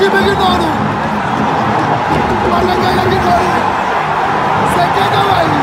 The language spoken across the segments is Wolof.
équipe bi ngi noonu Balla Gaye a ngi noonu c'est Guédiawaye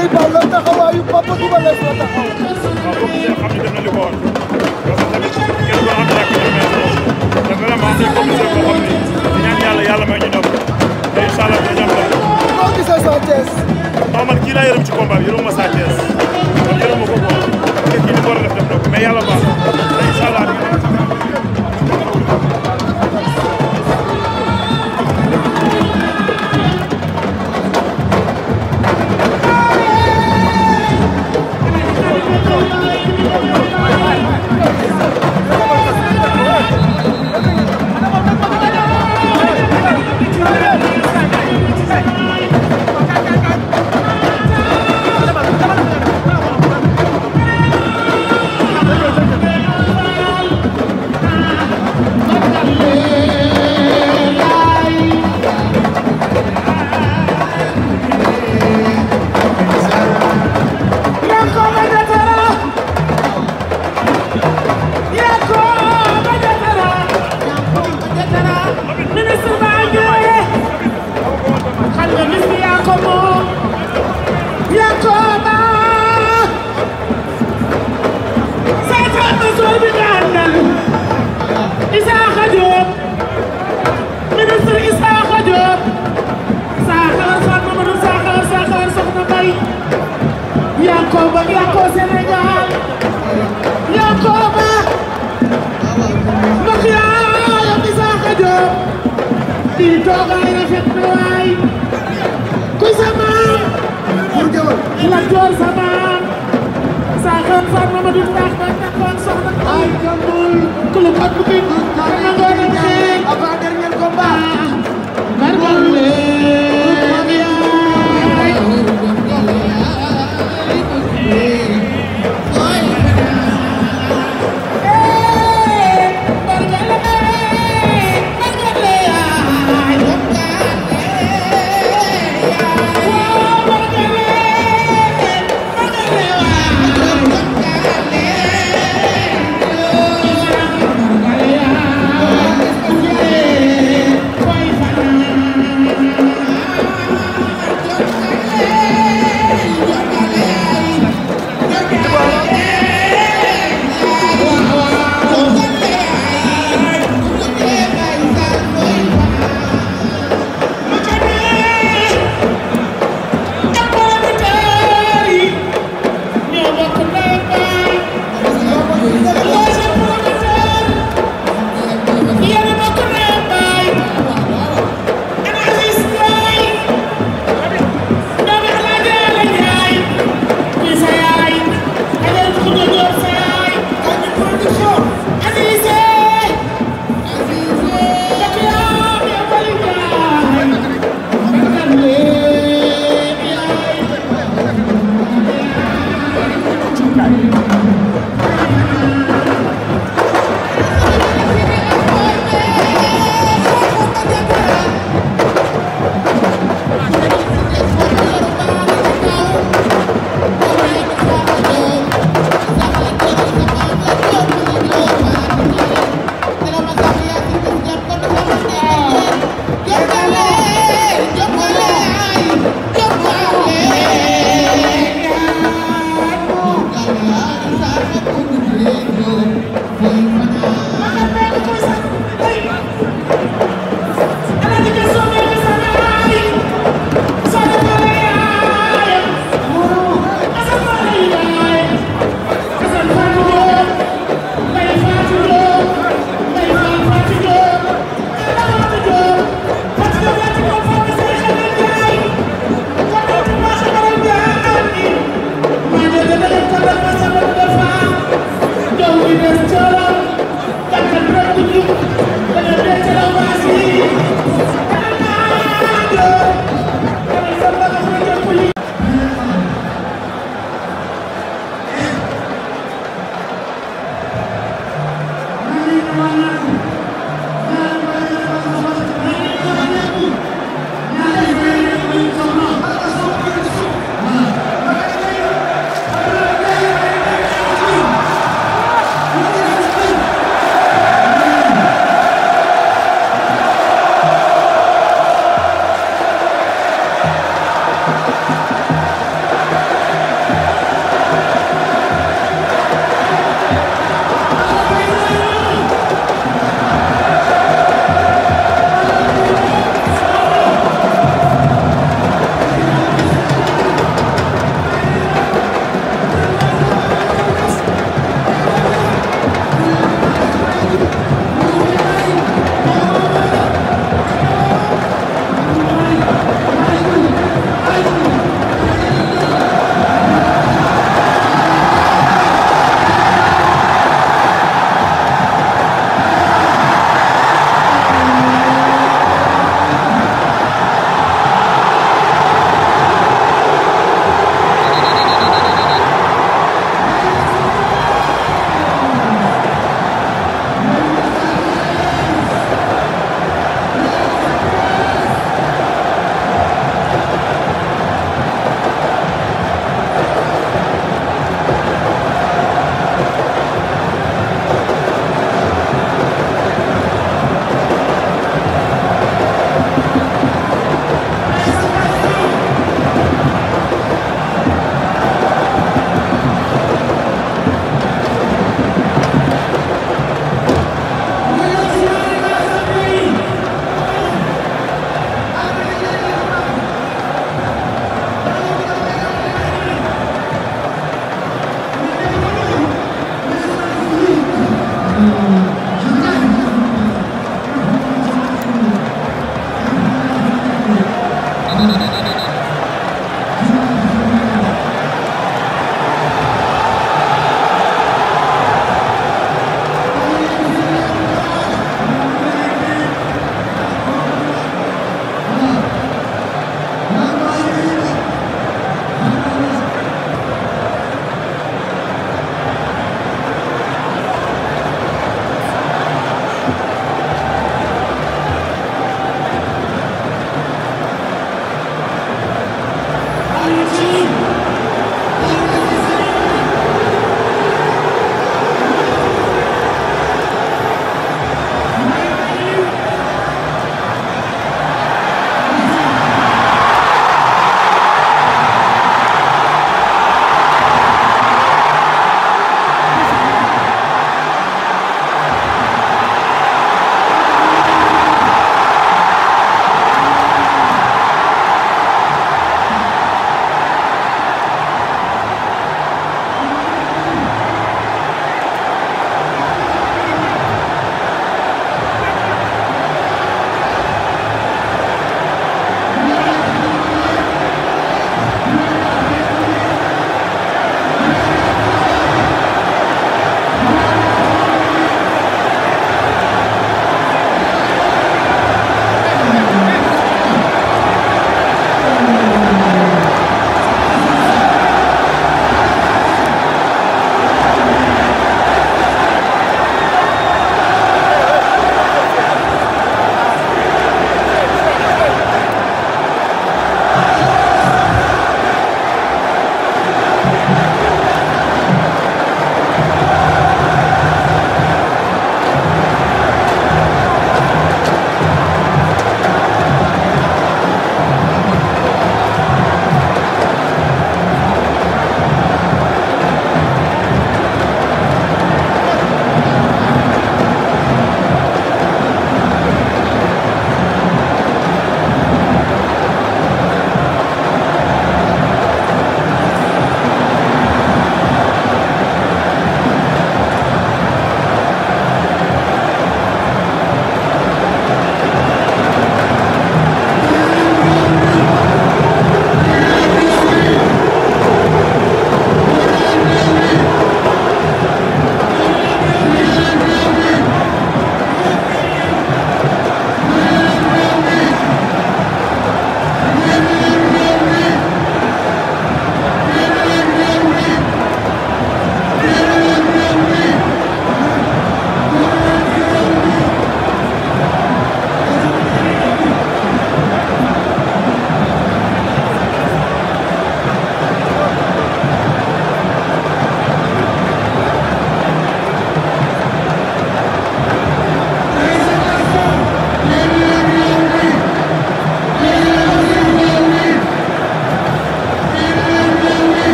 ay bal la taxawaayu Papa Double Less la taxaw. waaw gisee Sa Thiès. waaw man kii laa yërëm ci combat bi yërëmuma Sa Thiès man yërëmuma ko quoi parce que kii ni mu war a def def na ko mais yàlla I can move. Kulubhat Putin.